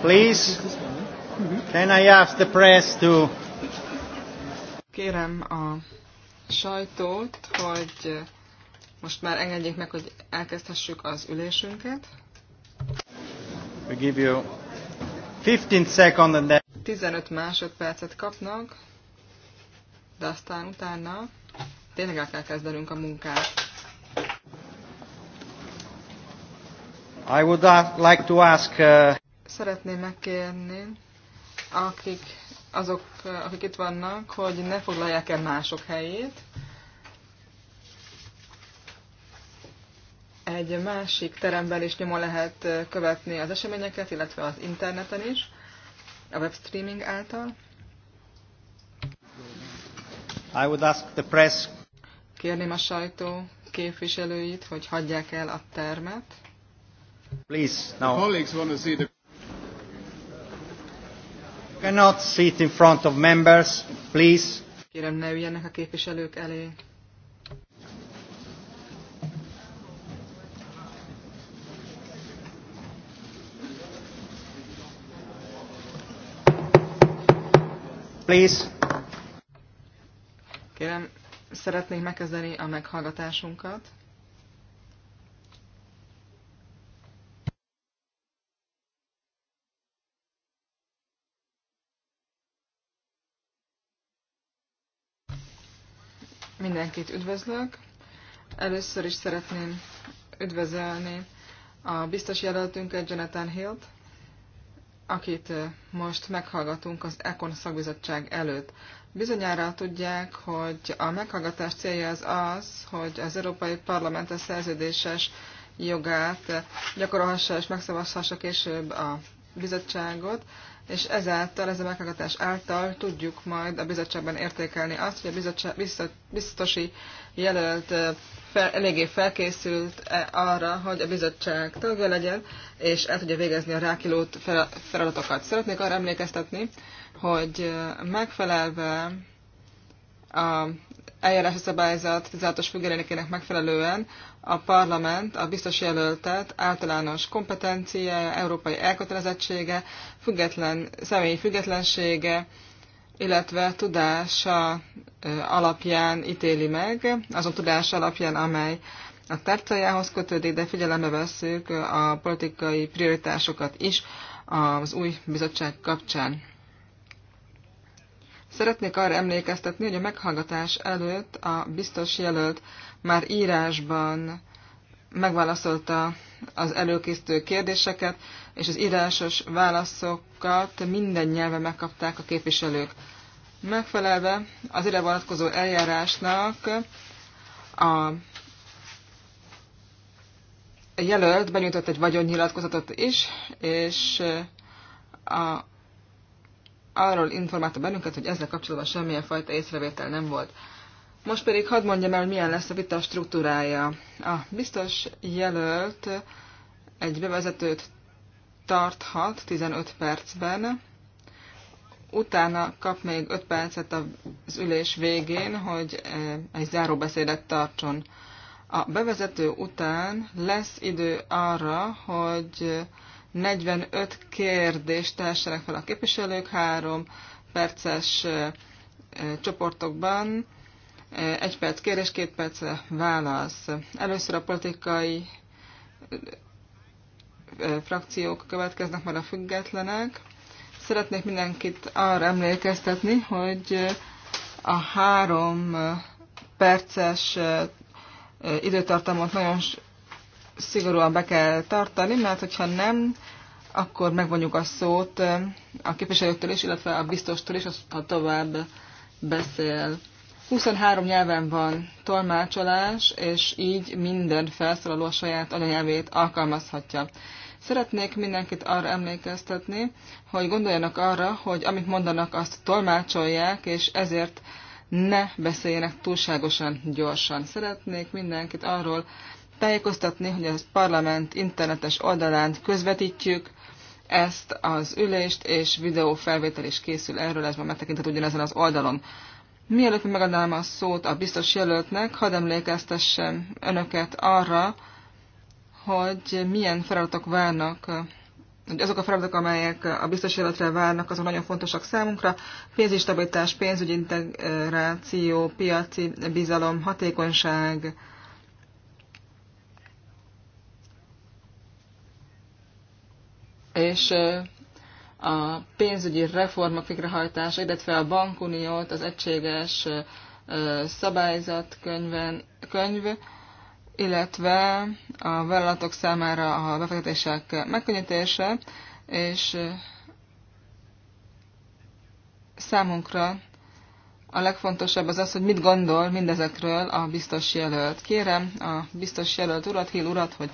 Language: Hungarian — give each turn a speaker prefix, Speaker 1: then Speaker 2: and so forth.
Speaker 1: Please, can I ask the press to... Kérem a sajtót, hogy most már engedjék meg, hogy elkezdhessük az ülésünket. We give you 15 second and then... 15 másodpercet kapnak, de aztán utána tényleg el kell kezdenünk a munkát. I would like to ask... Uh... Szeretném megkérni, akik, azok, uh, akik itt vannak, hogy ne foglalják el mások helyét. Egy másik teremben is nyomon lehet uh, követni az eseményeket, illetve az interneten is, a webstreaming által. I would ask the press... Kérném a sajtó képviselőit, hogy hagyják el a termet. Please, now. Colleagues want to see the cannot sit in front of members, please. Kérem, ne üljenek a képviselők elé. Please. Kérem, szeretnénk megkezdeni a meghallgatásunkat. Mindenkit üdvözlök. Először is szeretném üdvözölni a biztos jelöltünket, Jonathan Hilt, akit most meghallgatunk az Econ szakbizottság előtt. Bizonyára tudják, hogy a meghallgatás célja az az, hogy az Európai Parlament a szerződéses jogát gyakorolhassa és megszavazhassa később a bizottságot, és ezáltal, ez a meghallgatás által tudjuk majd a bizottságban értékelni azt, hogy a bizottság, biztosi jelölt fel, eléggé felkészült -e arra, hogy a bizottság tagja legyen, és el tudja végezni a rákilót feladatokat. Szeretnék arra emlékeztetni, hogy megfelelve a eljárási szabályzat 16-os függelénekének megfelelően a parlament a biztos jelöltet általános kompetenciája, európai elkötelezettsége, független, személyi függetlensége, illetve tudása alapján ítéli meg, azon tudás alapján, amely a tárcájához kötődik, de figyelembe veszük a politikai prioritásokat is az új bizottság kapcsán. Szeretnék arra emlékeztetni, hogy a meghallgatás előtt a biztos jelölt már írásban megválaszolta az előkészítő kérdéseket, és az írásos válaszokat minden nyelven megkapták a képviselők. Megfelelve az ide vonatkozó eljárásnak a jelölt benyújtott egy vagyonnyilatkozatot is, és a arról informálta bennünket, hogy ezzel kapcsolatban semmilyen fajta észrevétel nem volt. Most pedig hadd mondjam el, milyen lesz a vita struktúrája. A biztos jelölt egy bevezetőt tarthat 15 percben, utána kap még 5 percet az ülés végén, hogy eh, egy záróbeszédet tartson. A bevezető után lesz idő arra, hogy 45 kérdést tessenek fel a képviselők három perces csoportokban. Egy perc kérés, két perc válasz. Először a politikai frakciók következnek, majd a függetlenek. Szeretnék mindenkit arra emlékeztetni, hogy a három perces időtartamot nagyon szigorúan be kell tartani, mert hogyha nem, akkor megvonjuk a szót a képviselőktől is, illetve a biztostól is, ha tovább beszél. 23 nyelven van tolmácsolás, és így minden felszólaló a saját anyanyelvét alkalmazhatja. Szeretnék mindenkit arra emlékeztetni, hogy gondoljanak arra, hogy amit mondanak, azt tolmácsolják, és ezért ne beszéljenek túlságosan gyorsan. Szeretnék mindenkit arról tájékoztatni, hogy a parlament internetes oldalán közvetítjük ezt az ülést, és videófelvétel is készül erről, ez már megtekinthető ugyanezen az oldalon. Mielőtt megadnám a szót a biztos jelöltnek, hadd emlékeztessem önöket arra, hogy milyen feladatok várnak, hogy azok a feladatok, amelyek a biztos jelöltre várnak, azok nagyon fontosak számunkra. Pénzügyi stabilitás, pénzügyi integráció, piaci bizalom, hatékonyság, és a pénzügyi reformok végrehajtása, illetve a bankuniót, az egységes szabályzatkönyv, könyv, illetve a vállalatok számára a befektetések megkönnyítése, és számunkra a legfontosabb az az, hogy mit gondol mindezekről a biztos jelölt. Kérem a biztos jelölt urat, Hill urat, hogy